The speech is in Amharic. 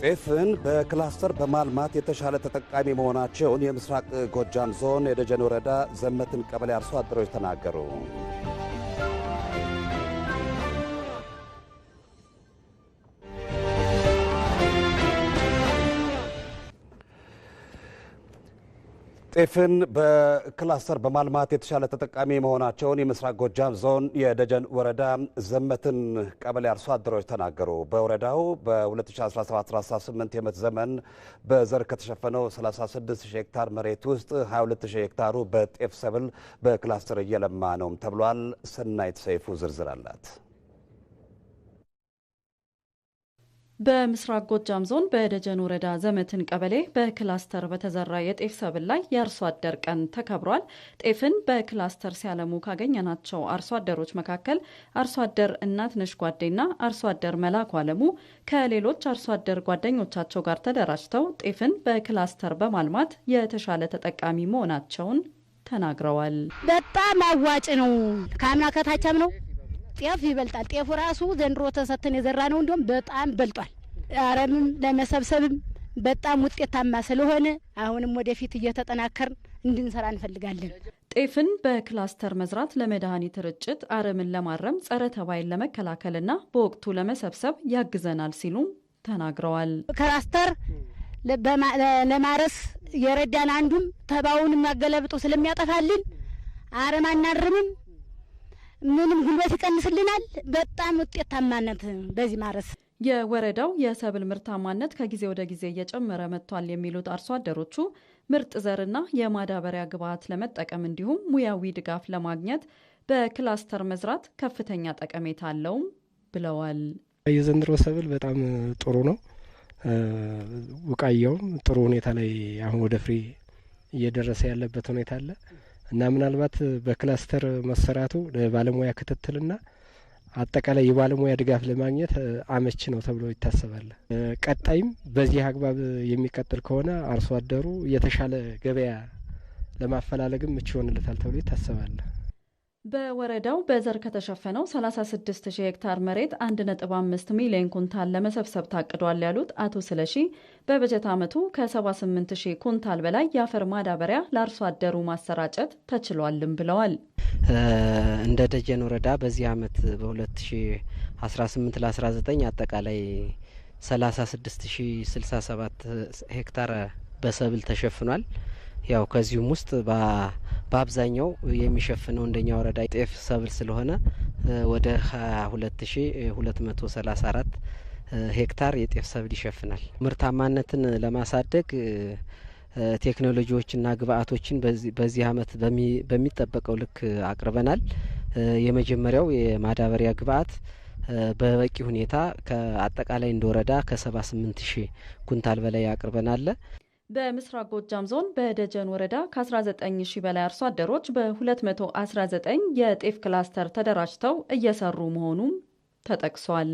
ጤፍን በክላስተር በማልማት የተሻለ ተጠቃሚ መሆናቸውን የምስራቅ ጎጃም ዞን የደጀን ወረዳ ዘመትን ቀበሌ አርሶ አደሮች ተናገሩ። ጤፍን በክላስተር በማልማት የተሻለ ተጠቃሚ መሆናቸውን የምስራቅ ጎጃም ዞን የደጀን ወረዳ ዘመትን ቀበሌ አርሶ አደሮች ተናገሩ። በወረዳው በ2017/18 የምርት ዘመን በዘር ከተሸፈነው 36 ሄክታር መሬት ውስጥ 22 ሄክታሩ በጤፍ ሰብል በክላስተር እየለማ ነው ተብሏል። ሰናይት ሰይፉ ዝርዝር አላት። በምስራቅ ጎጃም ዞን በደጀን ወረዳ ዘመትን ቀበሌ በክላስተር በተዘራ የጤፍ ሰብል ላይ የአርሶ አደር ቀን ተከብሯል። ጤፍን በክላስተር ሲያለሙ ካገኘናቸው አርሶ አደሮች መካከል አርሶ አደር ነሽ ጓዴና አርሶ አደር መላኩ አለሙ ከሌሎች አርሶ አደር ጓደኞቻቸው ጋር ተደራጅተው ጤፍን በክላስተር በማልማት የተሻለ ተጠቃሚ መሆናቸውን ተናግረዋል። በጣም አዋጭ ነው። ከአምና ከታቻም ነው ጤፍ ይበልጣል። ጤፉ ራሱ ዘንድሮ ተሰተን የዘራ ነው እንዲሁም በጣም በልጧል። አረምም ለመሰብሰብም በጣም ውጤታማ ስለሆነ አሁንም ወደፊት እየተጠናከርን እንድንሰራ እንፈልጋለን። ጤፍን በክላስተር መዝራት ለመድኃኒት ርጭት፣ አረምን ለማረም፣ ጸረ ተባይን ለመከላከልና በወቅቱ ለመሰብሰብ ያግዘናል ሲሉም ተናግረዋል። ክላስተር ለማረስ የረዳን አንዱም ተባውን የሚያገለብጡ ስለሚያጠፋልን አረም አናርምም ምንም ጉልበት ይቀንስልናል። በጣም ውጤታማነት በዚህ ማረስ የወረዳው የሰብል ምርታማነት ከጊዜ ወደ ጊዜ እየጨመረ መጥቷል የሚሉት አርሶ አደሮቹ ምርጥ ዘርና የማዳበሪያ ግብዓት ለመጠቀም እንዲሁም ሙያዊ ድጋፍ ለማግኘት በክላስተር መዝራት ከፍተኛ ጠቀሜታ አለውም ብለዋል። የዘንድሮ ሰብል በጣም ጥሩ ነው። ውቃያውም ጥሩ ሁኔታ ላይ አሁን ወደ ፍሬ እየደረሰ ያለበት ሁኔታ አለ። እና ምናልባት በክላስተር መሰራቱ ለባለሙያ ክትትልና አጠቃላይ የባለሙያ ድጋፍ ለማግኘት አመች ነው ተብሎ ይታሰባል። ቀጣይም በዚህ አግባብ የሚቀጥል ከሆነ አርሶ አደሩ የተሻለ ገበያ ለማፈላለግም ምቹ ይሆንለታል ተብሎ ይታሰባል። በወረዳው በዘር ከተሸፈነው 36000 ሄክታር መሬት 1.5 ሚሊዮን ኩንታል ለመሰብሰብ ታቅዷል ያሉት አቶ ስለሺ በበጀት ዓመቱ ከ78000 ኩንታል በላይ የአፈር ማዳበሪያ ለአርሶ አደሩ ማሰራጨት ተችሏልም ብለዋል። እንደ ደጀን ወረዳ በዚህ ዓመት በ2018 ለ19 አጠቃላይ 36067 ሄክታር በሰብል ተሸፍኗል። ያው ከዚሁም ውስጥ በአብዛኛው የሚሸፍነው እንደኛ ወረዳ ጤፍ ሰብል ስለሆነ ወደ 22234 ሄክታር የጤፍ ሰብል ይሸፍናል። ምርታማነትን ለማሳደግ ቴክኖሎጂዎችና ግብአቶችን በዚህ አመት በሚጠበቀው ልክ አቅርበናል። የመጀመሪያው የማዳበሪያ ግብአት በበቂ ሁኔታ ከአጠቃላይ እንደ ወረዳ ከ78 ሺህ ኩንታል በላይ አቅርበናል። በምስራቅ ጎጃም ዞን በደጀን ወረዳ ከ19 ሺህ በላይ አርሶ አደሮች በ219 የጤፍ ክላስተር ተደራጅተው እየሰሩ መሆኑም ተጠቅሷል።